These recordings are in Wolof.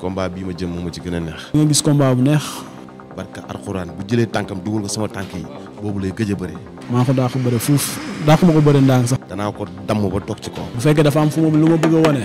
combat bii ma jëm moom ma ci gën a neex. di nga gis combat bu neex. barka alxuraan bu jëlee tànkam dugal ko sama tànk yi boobu lay gëj a bëri. maa ko daa ko bëri fuuf ko ma ko bëri ndànk sax. danaa ko damm ba toog ci ko bu fekkee dafa am fu mu lu ma bëgg a wane.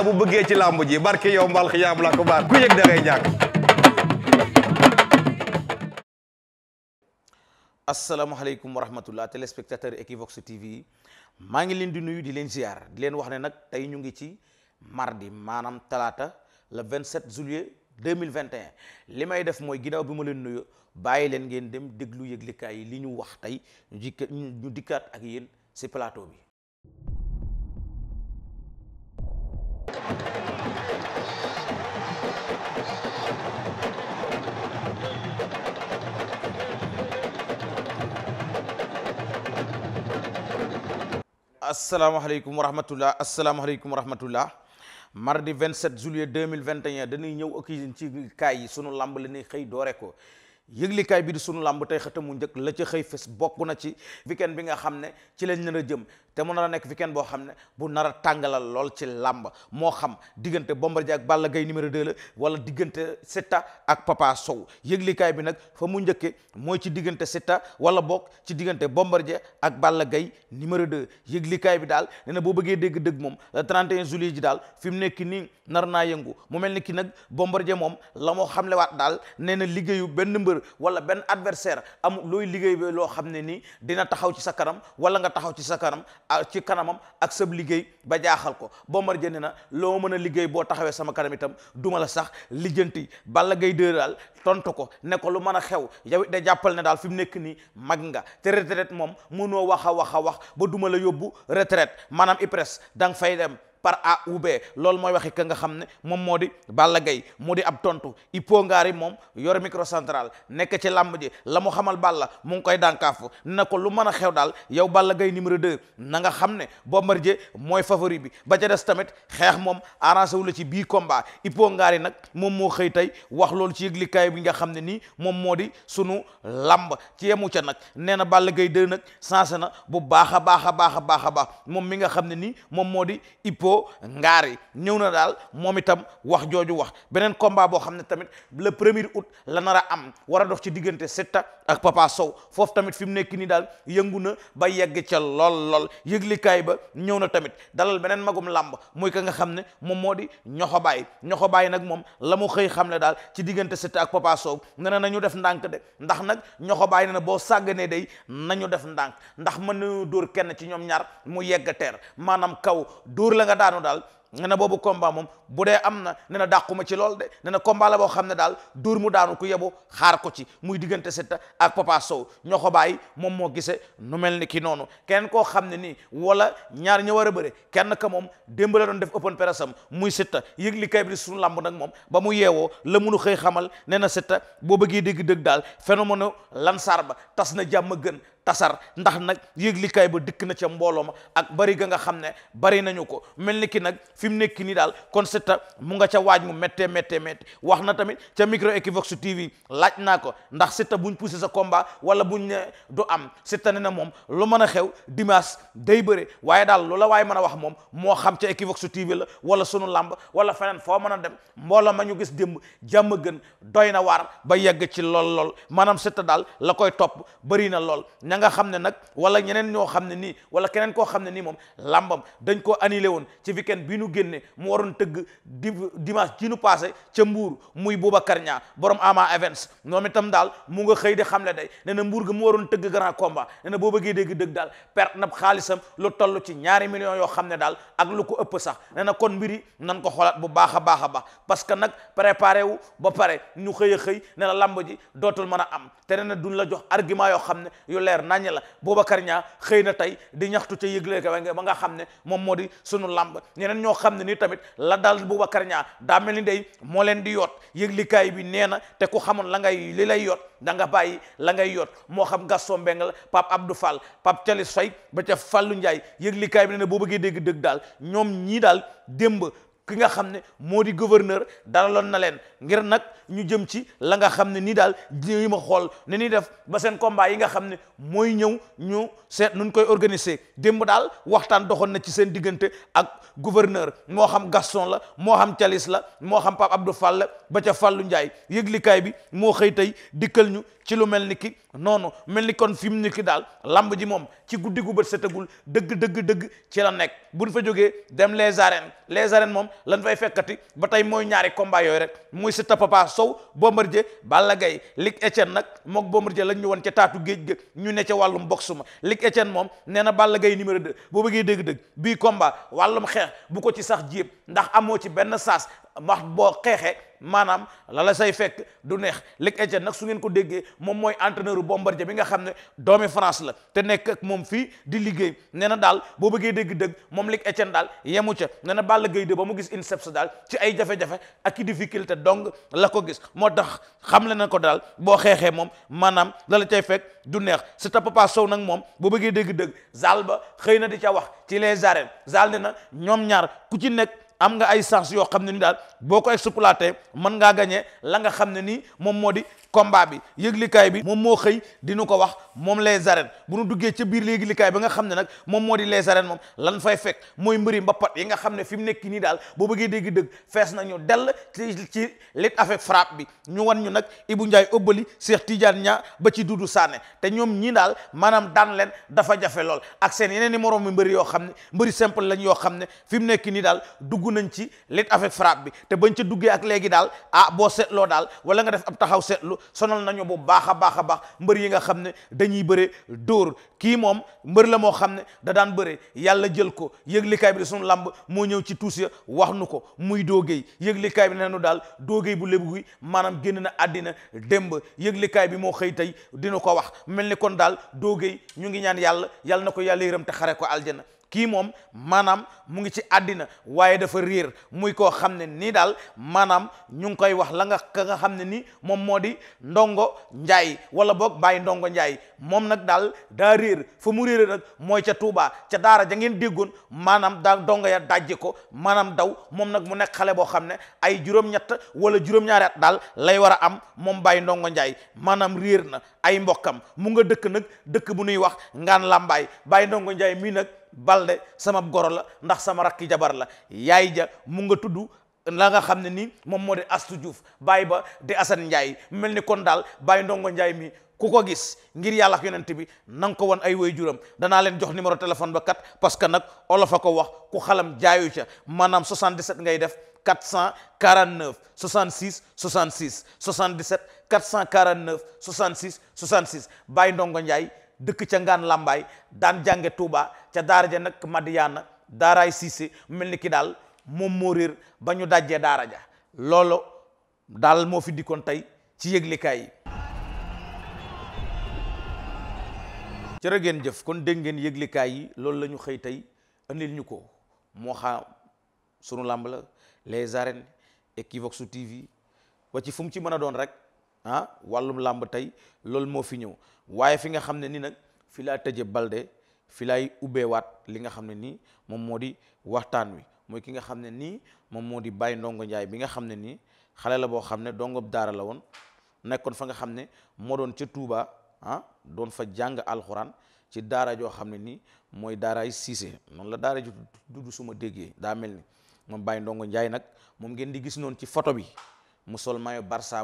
saa bu bëggee ci làmbu ji barke yow mbal xiyaam la ko baat ku yëg da ngay ñàkk asalaamaaleykum wa rahmatullah téléspectateur Equivox TV maa ngi leen di nuyu di leen ziar di leen wax ne nag tey ñu ngi ci mardi maanaam talaata le 27 juillet 2021 li may def mooy ginnaaw bi ma leen nuyu bàyyi leen ngeen dem déglu yëglikaay yi li ñu wax tey ñu dikkaat ak yéen si plateau bi. asalaamaaleykum wa rahmatullah asalaamaaleykum wa rahmatullah mardi 27 juillet 2021 dañuy ñëw ak yéen ci kaay yi sunu lamb la ñuy xëy doore ko yëglikaay bi di sunu lamb tey xëtamu njëkk la ca xëy fes bokk na ci weekend bi nga xam ne ci lañ nar a jëm te mu nar a boo xam ne bu nar tàngalal lool ci làmb moo xam diggante Bombardier ak Balla Gaye numéro 2 la wala diggante Seta ak Papa Sow bi nag fa mu njëkke mooy ci diggante Seta wala bokk ci diggante Bombardier ak Balla Gaye numéro 2 yëglikaay bi daal na boo bëggee dégg moom le 31 ji daal fi mu nekk nii nar naa yëngu mu mel ni ki nag Bombardier moom la moo xamle waat daal nee na liggéeyu benn mbër wala benn adversaire amul looy liggéey bi loo xam ne nii dina taxaw ci sa kanam wala nga taxaw ci sa kanam ci kanamam ak sab liggéey ba jaaxal ko Bombardier ne na loo mën a liggéey boo taxawee sama kanam itam duma la sax lijjanti Balla Gaye 2 daal tontu ko nekkoo lu mën a xew yow da jàppal ne daal fi mu nekk nii mag nga te retraite moom mënoo wax a wax a wax ba duma la yóbbu retraite maanaam IPRES da nga fay dem par A ou B loolu mooy waxi ka nga xam ne moom moo di Balla Gaye moo di ab tontu Hippo ngaari moom yore micro central nekk ci làmb ji la mu xamal la mu ngi koy dànkaafu na ko lu mën a xew daal yow Balla Gaye numéro de nanga xam ne bombar Bombardier mooy favori bi ba ca des tamit xeex moom arrangé wu la ci bii combat Hippo ngaari nag moom moo xëy tey wax loolu ci yëglikaay bi nga xam ne nii moom moo di sunu làmb ci yemu ca nag nee na Balla Gaye 2 nag sensé na bu baax a baax a baax a baax a baax Typo Ngari ñëw na daal moom itam wax jooju wax beneen combat boo xam ne tamit le premier août la nar a am war a dox ci diggante Siteu ak Papa Sow foofu tamit fi mu nekk nii daal yëngu na ba yegg ca lool lool yëglikaay ba ñëw na tamit dalal beneen magum làmb muy ka nga xam ne moom moo di ñoxo baay ñoxo bàyyi nag moom la mu xëy xam ne daal ci diggante Siteu ak Papa Sow nee na ñu def ndànk de ndax nag ñoxo baay nee na boo sàgganee day nañu def ndànk ndax mën dóor kenn ci ñoom ñaar mu yegg daanu daal ne na boobu combat moom bu dee am na ne na dàquma ci lool de ne na la boo xam ne daal door mu daanu ku yebu xaar ko ci muy diggante Siteu ak Papa Sow ñoo ko bàyyi moom moo gisee nu mel ni ki noonu kenn koo xam ne nii wala ñaar ña war a bëre kenn ka moom démb la doon def open press am muy Siteu yëg li kay bi suñu làmb nag moom ba mu yeewoo la munu xëy xamal ne na Siteu boo bëggee dégg dëgg daal lan lansar ba tas na jàmm gën tasar ndax nag yëglikaay ba dikk na ca mbooloo ma ak bari ga nga xam ne bari nañu ko mel ni ki nag fi mu nekk nii daal kon seta mu nga ca waaj mu méttee méttee méttee wax na tamit ca micro Equivox TV laaj naa ko ndax seta buñ poussé sa combat wala buñ ne du am seta ne na moom lu mën a xew dimanche day bëre waaye daal loola waaye mën a wax moom moo xam ca Equivox TV la wala sunu làmb wala feneen foo mën a dem mbooloo ma ñu gis démb jàmm gën doy na waar ba yegg ci lool lool maanaam seta daal la koy topp bëri na lool ña nga xam ne nag wala ñeneen ñoo xam ne nii wala keneen koo xam ne nii moom làmbam dañ koo annulé woon ci weekend bi nu génne mu waroon tëgg di dimanche ji nu passé ca mbuur muy booba kar Niang borom Ama Events moom tam daal mu nga xëy di xam le day ne na mbuur ga mu waroon tëgg grand combat ne na boo bëggee dégg dëgg daal perte na xaalisam lu toll ci ñaari millions yoo xam ne daal ak lu ko ëpp sax ne na kon mbiri nan ko xoolaat bu baax a baax a baax parce que nag préparé wu ba pare ñu xëy a xëy ne la lamb ji dootul mën a am te ne la jox yoo xam ne yu leer naññ la Boubacar Niang xëy na tey di ñaxtu ca yëgle ka ba nga xam ne moom moo di sunu làmb ñeneen ñoo xam ne ni tamit la daal Boubacar Niang daa mel ni day moo leen di yoot yëglikaay bi nee na te ku xamoon la ngay li lay yoot danga nga bàyyi la ngay yoot moo xam Gaston Mbengue la Pape Abdou Fall Pape Thialis Faye ba ca Fallou Ndiaye yëglikaay bi nee na boo bëggee dégg dëgg daal ñoom ñii daal démb ki nga xam ne moo di gouverneur dalaloon na leen ngir nag ñu jëm ci la nga xam ne nii daal yi ma xool ne ni def ba seen combat yi nga xam ne mooy ñëw ñu seet nuñ koy organiser démb daal waxtaan doxoon na ci seen diggante ak gouverneur moo xam Gaston la moo xam Thialis la moo xam Pape Abdou Fall la ba ca Fallou Ndiaye yëglikaay bi moo xëy dikkal ñu ci lu mel ni noonu mel ni kon fi mu daal lamb ji moom ci guddi gu bët setagul dëgg dëgg dëgg ci la nekk bu buñ fa jógee dem les arènes les arènes moom lañ fay fekkati ba tey mooy ñaari combat yooyu rek muy Siteu Papa Sow bombar jë Balla Gaye Luc Étienne nag mook Bombardier lañ ñu woon ca taatu géej ga ñu ne ca wàllum boxe ma Luc Étienne moom nee na Balla Gaye numéro 2 boo bëggee dëgg-dëgg bii combat wàllum xeex bu ko ci sax jéeb ndax amoo ci benn saas wax boo xeexee maanaam la la say fekk du neex Luc Etienne nag su ngeen ko déggee moom mooy entraîneur Bombardier bi nga xam ne doomi France la te nekk moom fii di liggéey nee na daal boo bëggee dégg-dëgg moom Luc Etienne daal yemu ca nee na Balla Gaye de ba mu gis INSEPS daal ci ay jafe-jafe ak i difficulté donc la ko gis moo tax xamle na ko daal boo xeexee moom maanaam la la cay fekk du neex si ta Papa nag moom boo bëggee dégg-dëgg zal ba xëy na di ca wax ci les arènes zal na ñoom ñaar ku ci nekk am nga ay chance yoo xam ne ni daal boo ko exploité mën ngaa gagné la nga xam ne nii moom moo di combat bi yëglikaay bi moom moo xëy dina ko wax moom les arènes bu nu duggee ca biir yëglikaay bi nga xam ne nag moom moo di les arènes moom lan fay fekk mooy mbëri mbapat yi nga xam ne fi mu nekk nii daal boo bëggee dégg fees nañu dell ci ci lit avec bi ñu wan ñu nag Ibou Ndiaye ëbbali Cheikh Tidiane ña ba ci Doudou Sané te ñoom ñii daal maanaam daan leen dafa jafe lool ak seen yeneen i moroom mi mbëri yoo xam ne mbëri simple lañ yoo xam ne fi mu nekk nii daal dugg nañ ci lit avec frappe bi te bañ ca duggee ak léegi daal ah boo seetloo daal wala nga def ab taxaw seetlu sonal nañu bu baax a baax a baax mbër yi nga xam ne dañuy bëre dóor kii moom mbër la moo xam ne da daan bëre yàlla jël ko yëglikaay bi di sunu làmb moo ñëw ci tuus wax nu ko muy doogey yëglikaay bi nanu daal doogey bu lébu gi maanaam génn na àddina démb yëglikaay bi moo xëy tey dina ko wax mel ni kon daal doogey ñu ngi ñaan yàlla yàlla na ko yàlla yërëm te xare ko aljana kii moom maanaam mu ngi ci àddina waaye dafa riir muy koo xam ne nii daal maanaam ñu ngi koy wax la nga ka nga xam ne nii moom moo di ndongo njaay wala boog bàyyi ndongo njaay moom nag daal daa réer fa mu réere nag mooy ca Touba ca daara ja ngeen déggoon maanaam daa ndongo ya dajje ko maanaam daw moom nag mu nekk xale boo xam ne ay juróom-ñett wala juróom-ñaari at daal lay war a am moom bàyyi ndongo njaay maanaam réer na ay mbokkam mu nga dëkk nag dëkk bu nuy wax ngaan làmbaay bàyyi ndongo njaay mii nag balde sama goro la ndax sama rakki jabar la yaay ja mu nga tudd la nga xam ne nii moom moo di Astu Diouf baay ba di Assane Ndiaye mel ni kon daal baay ndongo njaay mi ku ko gis ngir yàlla ak yonent bi nan nga ko wan ay way juram danaa leen jox numéro téléphone ba kat parce que nag olof a ko wax ku xalam jaayu ca maanaam 77 ngay def 449 66 66 77 449 66 66 bàyyi ndongo Njaay dëkk ca ngaan làmbaay daan jànge Touba ca daara ja nag Madiyaana daara Siise mel ni ki daal moom moo réer ba ñu dajjee daara ja loolo daal moo fi dikkoon tey ci yëglikaay yi cërë ngeen jëf kon dégg ngeen yëglikaay yi loolu la ñu xëy tey andil ñu ko moo xam sunu làmb la les arènes Equivox TV wa ci fu ci mën a doon rek ah wàllum làmb tey loolu moo fi ñëw waaye fi nga xam ne ni nag fi laa tëje balde fi laay ubbeewaat li nga xam ne nii moom moo di waxtaan wi mooy ki nga xam ne nii moom moo di Baye Ndongo njaay bi nga xam ne nii xale la boo xam ne dongob daara la woon nekkoon fa nga xam ne moo doon ca Touba ah, doon fa jàng alxuraan ci daara joo xam ne nii mooy daaraay Cissé noonu la daara ju dudd suma déggee daa mel ni moom Baye Ndongo Ndiaye nag moom ngeen di gis noonu ci photo bi mu sol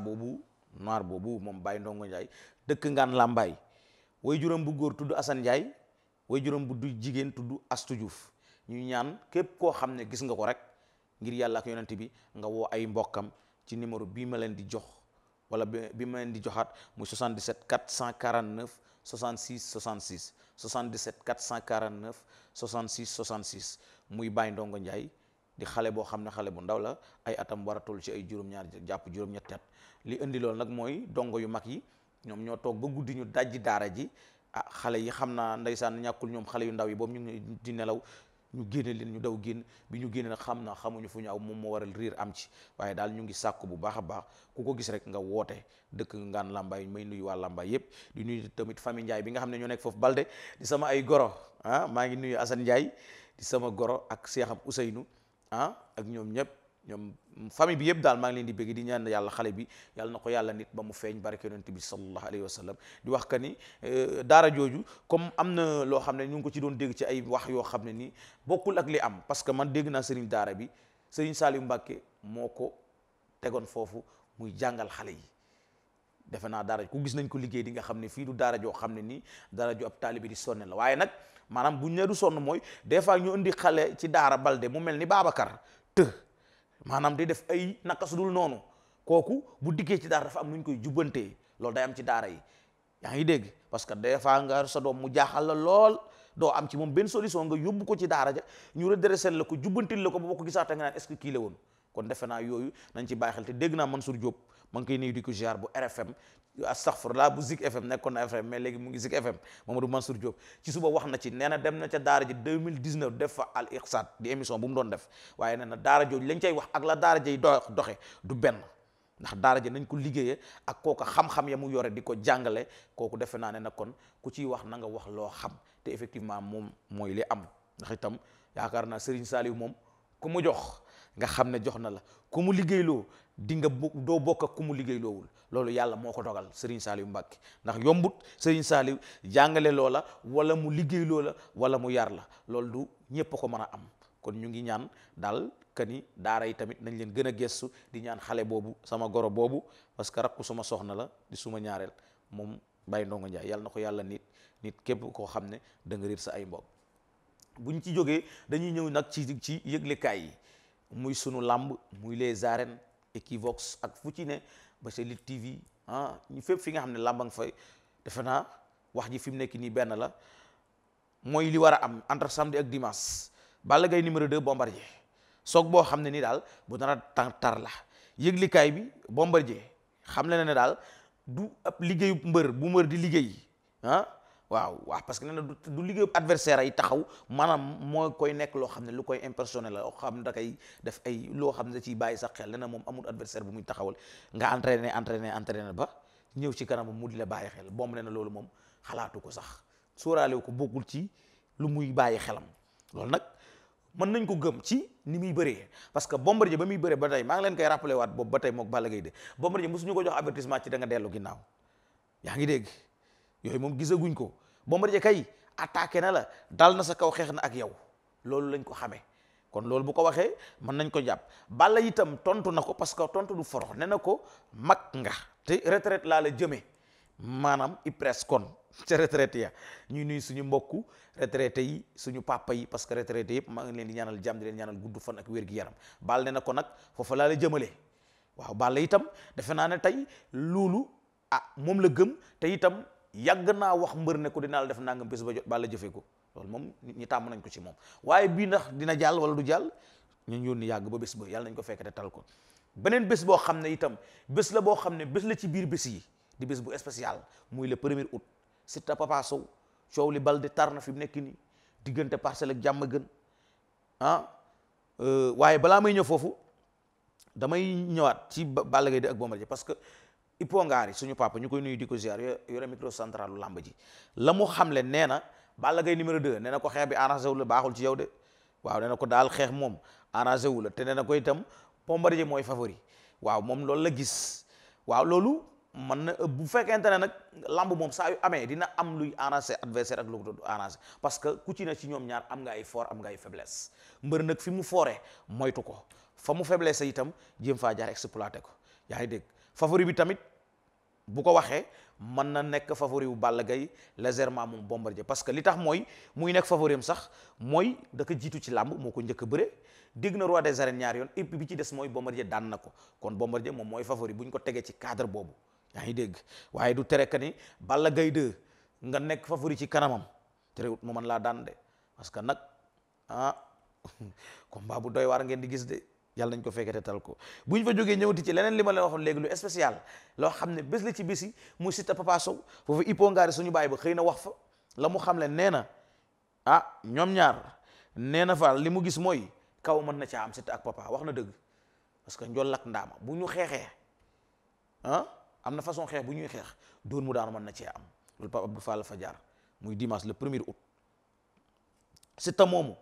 boobu noir boobu moom Baye Ndongo Ndiaye dëkk ngaan Lambaay way juróom bu góor tudd Assane Ndiaye way juróom bu du jigéen tudd Astu Diouf ñu ñaan képp koo xam ne gis nga ko rek ngir yàlla ak yonent bi nga woo ay mbokkam ci numéro bii ma leen di jox wala bi ma leen di joxaat muy 77 449 66 66 77 449 66 66 muy Baye Ndongo Ndiaye di xale boo xam ne xale bu ndaw la ay atam war a toll ci ay juróom-ñaar jàpp juróom-ñetti li indi loolu nag mooy dongo yu mag yi ñoom ñoo toog ba guddi ñu dajj daara ji ah xale yi xam naa ndeysaan ñàkkul ñoom xale yu ndaw yi boobu ñu ngi di nelaw ñu génne leen ñu daw génn bi ñu génne nag xam na xamuñu fu ñu aw moom moo war a riir am ci waaye daal ñu ngi sàkk bu baax a baax ku ko gis rek nga woote dëkk ngaan làmbaay may nuyu waa làmbaay yépp di nuyu tamit famille Ndiaye bi nga xam ne ñoo nekk foofu balde sama ay goro ah maa ngi nuyu Assane Ndiaye di sama goro ak Cheikh Ousseynou ah ak ñoom ñëpp ñoom famille bi yëpp daal maa ngi leen di bëgg di ñaan yàlla xale bi yàlla na ko yàlla nit ba mu feeñ barke yonent bi sallallahu alayhi wa di wax que ni euh, daara jooju comme am na loo xam ne ñu ngi ko ci doon dégg ci ay wax yoo xam ne nii bokkul ak li am parce que man dégg naa sëriñ daara bi sëriñ yu Mbacke moo ko tegoon foofu muy jàngal xale yi defe naa daara ku gis nañ ko liggéey di nga xam ne fii du daara joo xam ne nii daara joo ab taalibe di sonne la waaye nag maanaam buñ ne du sonn mooy des fois ñu indi xale ci daara balde mu mel ni Babacar të maanaam di def ay naka su dul noonu kooku bu dikkee ci daara dafa am koy jubbantee loolu day am ci daara yi yaa ngi dégg parce que des fois nga sa doom mu jaaxal la lool doo am ci moom benn solution nga yóbbu ko ci daara ja ñu redressé la ko jubbantil la ko ba ko gisaata nga naan est-ce kii la woon kon defe naa yooyu nañ ci bàyyi xel te dégg naa Mansour Diop ma ngi koy nuyu di ko ziar bu RFM astaghfirullah bu Zik FM nekkoon na FM mais léegi mu ngi Zik FM Mamadou Mansour Diop ci suba wax na ci nee na dem na ca daara ji 2019 def fa al iqsad di émission bu mu doon def waaye nee na daara jooju lañ cay wax ak la daara jay dox doxe du benn ndax daara ji nañ ko liggéeyee ak kooku xam-xam ya mu yore di ko jàngale kooku defe naa ne nag kon ku ciy wax nanga wax loo xam te effectivement moom mooy li am ndax itam yaakaar naa Serigne Saliou moom ku mu jox nga xam ne jox na la ku mu liggéeyloo di nga bo doo bokk ak ku mu liggéey loowul loolu yàlla moo ko dogal Serigne Saliou Mbacké ndax yombut Serigne Saliou jàngale loola wala mu liggéey loola wala mu yar la loolu du ñépp ko mën a am kon ñu ngi ñaan daal kani daara yi tamit nañ leen gën a gëstu di ñaan xale boobu sama goro boobu parce que rakku suma soxna la di suma ñaareel moom Baye Ndongo Ndiaye yàlla na ko yàlla nit nit képp koo xam ne da sa ay mbokk buñ ci jógee dañuy ñëw nag ci yi muy sunu làmb muy les Equivox ak fu ci ne ba sa Lutte TV ah ñu fépp fi nga xam ne làmba nga fay defe naa wax ji fi mu nekk nii benn la mooy li war a am entre samedi ak dimanche Balla Gaye numéro 2 Bombardier soog boo xam ne ni daal bu nar a tar tar la yëglikaay bi Bombardier xam le na ne daal du ab liggéeyu mbër bu mbër di liggéey ah waaw waa parce que nee na du liggéey adversaire ay taxaw maanaam moo koy nekk loo xam ne lu koy impersonnel la loo xam ne da koy def ay loo xam ne da bàyyi sax xel nee na moom amul adversaire bu muy taxawal nga entraîné entraîné entraîné ba ñëw ci kanam mu di la bàyyi xel boom nee na loolu moom xalaatu ko sax sóoraale ko bokkul ci lu muy bàyyi xelam loolu nag mën nañ ko gëm ci ni muy bëree parce que Bombardier ba muy bëree ba tey maa ngi leen koy rappelé waat boobu ba tey mook Balla ko jox avertissement ci da dellu ginnaaw yaa ngi dégg yooyu moom gisaguñ ko Bombardier kay attaqué na la dal na sa kaw xeex na ak yow loolu lañ ko xamee kon loolu bu ko waxee mën nañ ko jàpp Balla itam tontu na ko parce que tontu du forox ne na ko mag nga te retraite laa la jëmee maanaam IPRES kon ca retraité ya ñuy nuyu suñu mbokku retraité yi suñu papa yi parce que retraité yëpp maa ngi leen di ñaanal jàmm di leen ñaanal gudd fan ak wér gi yaram Balla ne na ko nag foofa laa la jëmale waaw Balla itam defe naa ne tey loolu ah moom la gëm te itam yàgg naa wax mbër ne ko dinaa la def nangam bés ba jot bala jëfee ko loolu moom ñi tàmm nañ ko ci moom waaye bii ndax dina jàll wala du jàll ñun yónni yàgg ba bés ba yàlla nañ ko fekk te tal ko beneen bés boo xam ne itam bés la boo xam ne bés la ci biir bés yi di bés bu spécial muy le premier août Siteu Papa Sow coow li bal di tar na fi mu nekk nii diggante Parcelles ak jàmm gën ah, euh, waaye balaa may ñëw foofu damay ñëwaat ci Balla Gaye di ak Bombardier parce Hippo Ngari suñu papa ñu koy nuyu di ko ziar yore micro central lu làmb ji la mu xamle nee na Balla Gaye numéro 2 nee na ko xeex bi arrangé wu la baaxul ci yow de waaw nee na ko daal xeex moom arrangé wu la te nee na ko itam Bombardier mooy favori waaw moom loolu la gis waaw loolu man na bu fekkente ne nag lamb moom saa yu amee dina am luy arrangé adversaire ak lu ko arrangé parce que ku ci ne ci ñoom ñaar am nga ay fort am nga ay faiblesse mbër nag fi mu foore moytu ko fa mu faiblesse itam jéem faa jaar exploité ko yaa ngi dégg favori bi tamit bu ko waxee mën na nekk favori wu gay la légèrement moom Bombardier parce que li tax mooy muy nekk favori am sax mooy da ko jiitu ci làmb moo ko njëkk bëre dégg na roi des arènes ñaar yoon et bi ci des mooy Bombardier daan na ko kon Bombardier moom mooy favori bu ñu ko tegee ci cadre boobu yaa ngi dégg waaye du tere Balla Gaye nga nekk favori ci kanamam terewut mu man laa daan de parce que nag ah combat bu doy waar ngeen di gis de. yàlla nañ ko fekkete tal ko bu ñu fa jógee ñëwati ci leneen li ma leen waxoon léegi lu spécial loo xam ne bés la ci bési muy Siteu Papa Sow foofu Ipo Ngari suñu baay ba xëy na wax fa la mu xam le nee na ah ñoom ñaar nee na faal li mu gis mooy kaw mën na caa am Siteu ak papa wax na dëgg parce que njool ak ndaama bu ñu xeexee ah am na façon xeex bu ñuy xeex doon mu daanu mën na cee am loolu Pape Abdou Fall fa jaar muy dimanche la premier août Siteu moomu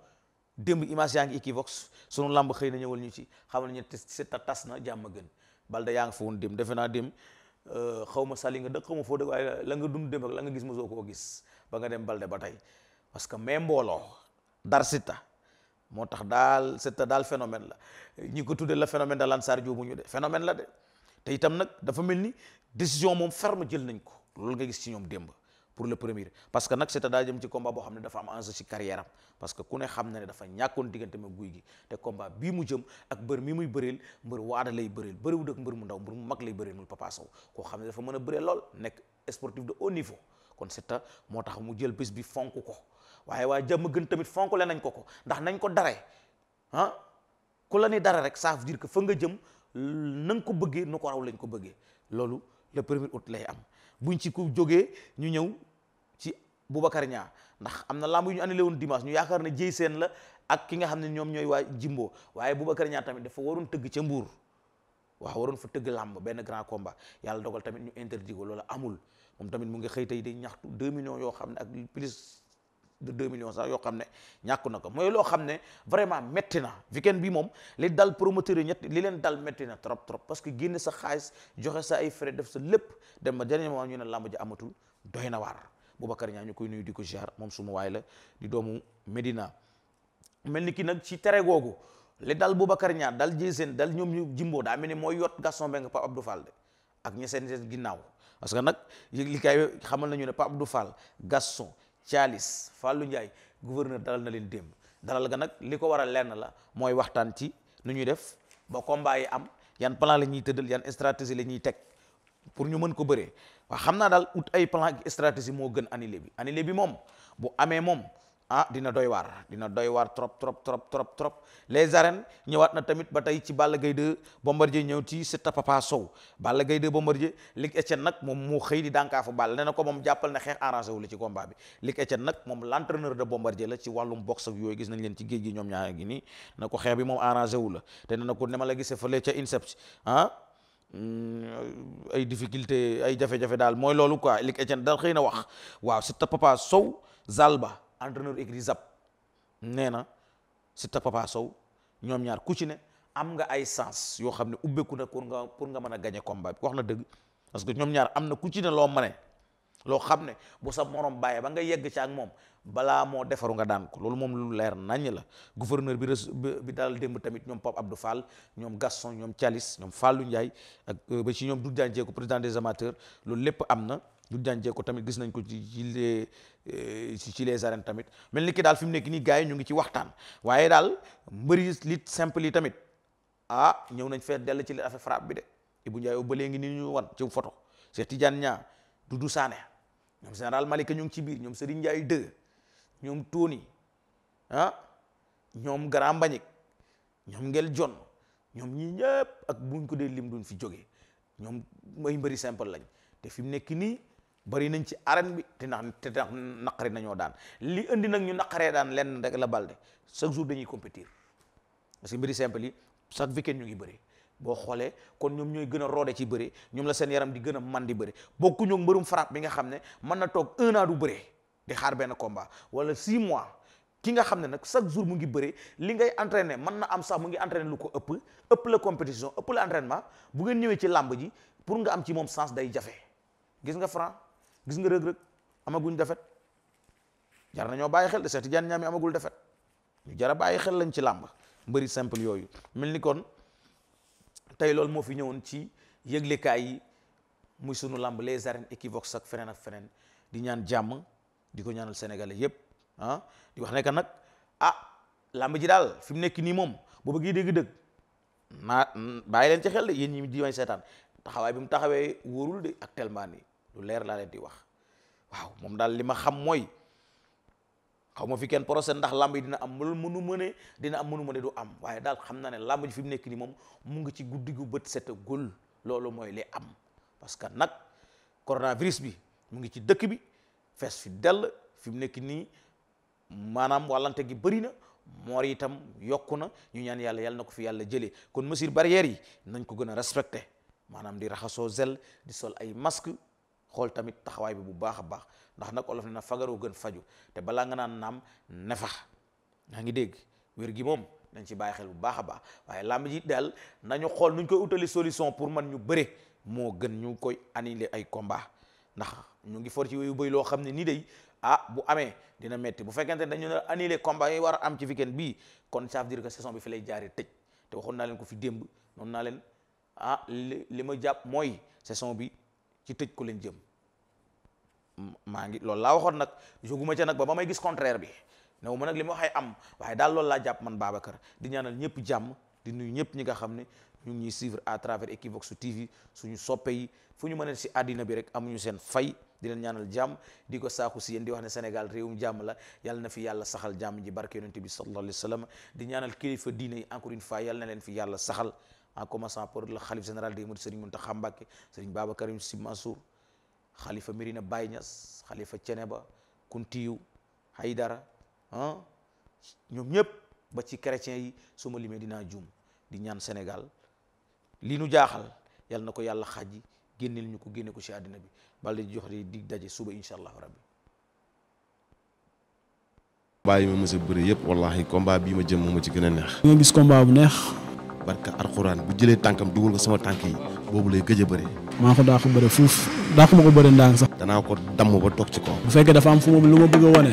démb image yaa ngi Equivox sunu lamb xëy na ñëwal ñu ci xamal ñu Siteu tas na jàmm gën Baldé yaa ngi fa woon démb defe naa démb euh, xaw ma sali nga dëkk xaw foo dëkk waaye la nga dund démb la nga gis soo koo gis ba nga dem Baldé ba tey parce que même mbooloo dar Siteu moo tax daal Siteu daal phénomène la ñi ko tuddee la phénomène de Lansar joobu ñu de phénomène la de te itam nag dafa mel ni décision moom ferme jël nañ ko loolu nga gis ci ñoom démb pour le premier parce que nag Siteu daa jëm ci combat boo xam ne dafa am enjeu ci carrière am parce que ku ne xam na ne dafa ñàkkoon diggante ma guy gi te combat bii mu jëm ak mbër mi muy bëreel mbër waada lay bëreel bëriwul ak mbër mu ndaw mbër mu mag lay bëreel muy Papa Sow koo xam ne dafa mën a bëreel lool nekk sportif de haut niveau kon Siteu moo tax mu jël bis bi fonk ko waaye waa jàmm gën tamit fonk le nañ ko ko ndax nañ ko daree ah ku la dara rek ça veut que fa nga jëm na nga ko bëggee nu ko raw lañ ko bëggee loolu le premier août lay am buñ ci ku jógee ñu ñëw ci Boubacar ñaa ndax am na lamb yu ñu annulé woon dimanche ñu yaakaar na jëy seen la ak ki nga xam ne ñoom ñooy waa Jimbo waaye Boubacar Niang tamit dafa waroon tëgg ca Mbour wax waroon fa tëgg làmb benn grand combat yàlla dogal tamit ñu interdit ko loolu amul moom tamit mu ngi xëy tey di ñaxtu 2 millions yoo xam ne ak plus de deux millions sax yoo xam ne ñàkk na ko mooy loo xam ne vraiment métti na weekend bi moom li dal promoteur yi ñett li leen dal métti na trop trop parce que génne sa xaalis joxe sa ay frais def sa lépp dem ba dernier moment ñu ne làmb ji amatul doy na waar Boubacar ñaa ñu koy nuyu di ko ziar moom suma waay la doomu Medina mel ni kii nag ci tere googu li dal Boubacar ñaa dal Jéeseen dal ñoom ñu jimboo daa mel ni mooy yot Gaston Mbengue Pape Abdou Fall de ak ñi seen ginnaaw parce que nag yëg kay xamal nañu ne Pape Abdou Fall Gaston Thialis Fallou Ndiaye gouverneur dalal na leen démb dalal ga nag li ko war a lenn la mooy waxtaan ci nu ñuy def ba combat am yan plan la ñuy tëddal yan stratégie la ñuy teg pour ñu mën ko bëree waa xam naa daal ut ay plan ak stratégie moo gën annulé bi annulé bi moom bu amee moom ah dina doy waar dina doy waar trop trop trop trop trop les arènes ñëwaat na tamit ba tey ci Balla Gaye 2 Bombardier ñëw ci Siteu Papa Sow Balla Gaye 2 Bombardier Luc Etienne nag moom moo xëy di dànkaafu Balla nee na ko moom jàppal ne xeex arrangé wu la ci combat bi Luc Etienne nag moom l'entraîneur de Bombardier la ci wàllum boxe ak yooyu gis nañ leen ci géej gi ñoom ñaar gi nii na ko xeex bi moom arrangé wu la te nee na ko ne ma la gisee fële ca INSEP ah, mm, ay difficulté ay jafe-jafe daal mooy loolu quoi Luc Etienne da xëy na wax waaw Siteu Papa Sow ba entraîneur écurie Zap nee na Siteu Papa Sow ñoom ñaar ku ci ne am nga ay sens yoo xam ne ubbeeku na pour nga pour nga mën a gagner combat bi wax na dëgg parce que ñoom ñaar am na ku ci ne loo mane loo xam ne bu sa morom bàyyee ba nga yegg ci ak moom balaa moo defaru nga daan ko loolu moom lu leer naññ la gouverneur bi res bi daal démb tamit ñoom Pape Abdou Fall ñoom Gaston ñoom Thialis ñoom Fallou Ndiaye ak euh, ba ci ñoom Doudou Diagne ko président des amateurs loolu lépp am na du jànjee ko tamit gis nañ ko ci ci les euh, ci les arènes tamit mel ni ki daal fi mu nekk nii gars yi ñu ngi ci waxtaan waaye daal mbëri lit simple yi tamit ah ñëw nañ fee dell ci li affaire frappe bi de Ibou Ndiaye Obale ñu wan ci photo Cheikh Tidiane Niang Doudou Sané ñoom général Malika ñu ngi ci biir ñoom Serigne Ndiaye 2 ñoom Tony ah, ñoom Grand Mbagnick ñoom Ngel John ñoom ñii ñëpp ak buñ ko dee lim duñ fi jógee ñoom may mbëri simple lañ te fi mu nii. bari nañ ci arène bi te ndax te nañoo daan li indi nag ñu naqaree daan lenn rek la balde chaque jour dañuy compétir parce que mbiri simple yi chaque weekend ñu ngi bëri boo xoolee kon ñoom ñooy gën a roode ci bëri ñoom la seen yaram di gën a man di bëri bokku ñoog mbërum frappe bi nga xam ne mën na toog un an du bëri di xaar benn combat wala six mois ki nga xam ne nag chaque jour mu ngi bëri li ngay entraîné mën na am sax mu ngi entraîné lu ko ëpp ëpp la compétition ëpp la bu ngeen ñëwee ci làmb ji pour nga am ci moom sens day jafe gis gis nga rëg-rëg amaguñ defet jar nañoo bàyyi xel de seeti jaan ñaami amagul defet ñu jara bàyyi xel lañ ci làmb mbëri simple yooyu mel ni kon tey loolu moo fi ñëwoon ci yëglekaay yi muy sunu lamb les arènes Equivox ak feneen ak feneen di ñaan jàmm di ko ñaanal sénégalais yépp ah di wax ne que nag ah làmb ji daal fi mu nekk nii moom boo bëggee dégg-dëgg naa bàyyi leen ci xel de yéen ñi di may seetaan taxawaay bi mu taxawee wóorul de ak tellement nii lu leer laa leen di wax waaw moom daal li ma xam mooy xaw ma fi kenn procès ndax lamb yi dina am loolu mënu mëne dina am mënu mëne du am waaye daal xam naa ne lamb ji fi mu nekk nii moom mu ngi ci guddi gu bët set gul loolu mooy li am parce que nag coronavirus bi mu ngi ci dëkk bi fees fi dell fi mu nekk nii maanaam wàllante gi bëri na moor itam yokku na ñu ñaan yàlla yàlla na ko fi yàlla jëlee kon mesures barrières yi nañ ko gën a respecté maanaam di raxasoo zel di sol ay masque xool tamit taxawaay bi bu baax a baax ndax nag olof ne na fagaroo gën faju te balaa nga naan naam nefa yaa ngi dégg wér gi moom nañ ci bàyyi xel bu baax a baax waaye làmb ji daal nañu xool nuñ koy utali solution pour man ñu bëre moo gën ñu koy annuler ay combat ndax ñu ngi for ci wéyu bëy loo xam ne nii day ah bu amee dina metti bu fekkente dañu ne annuler combat yi war am ci weekend bii kon ça veut dire saison bi fi lay jaaree tëj te waxoon naa leen ko fi démb noonu naa leen ah li ma jàpp mooy saison bi ci tëj ko leen jëm maa ngi loolu laa waxoon nag jóguma ca nag ba ba may gis contraire bi new ma nag li ma waxee am waaye daal loolu laa jàpp man Babacar di ñaanal ñëpp jàmm di nuyu ñëpp ñi nga xam ne ñu ngi ñuy suivre à travers Equivox TV suñu soppe yi ñu mënee si àddina bi rek amuñu seen fay di leen ñaanal jàmm di ko saaku si yéen di wax ne Sénégal réewum jàmm la yàlla na fi yàlla saxal jàmm ji barke yonente bi sallallahu alayhi wa sallam di ñaanal kilifa diine yi encore une leen fi yàlla saxal en commençant par le khalife général des mourides Serigne Mountakha Mbacké xalifa Mirina Baye Niass xalifa Ceneba Kuntiyu Haydara ah ñoom ñëpp ba ci chrétiens yi su ma limee dinaa juum di ñaan senegal li nu jaaxal yal na ko yàlla xaaj génneel ñu ko génne ko ci àddina bi bal di jox di daje suba incha allahu rabbi combat yi ma mës a bëri yëpp wallahi combat bii ma jëm moo ma ci gën a neex. di nga gis combat bu neex. barka alxuraan bu jëlee tànkam dugal ko sama tànk yi boobu lay gëj a bëri maa ko daa ko fuuf daa ko ma ko bëri ndànk sax danaa ko damm ba toog ci kaw bu fekkee dafa am fu ma lu ma bëgg a wane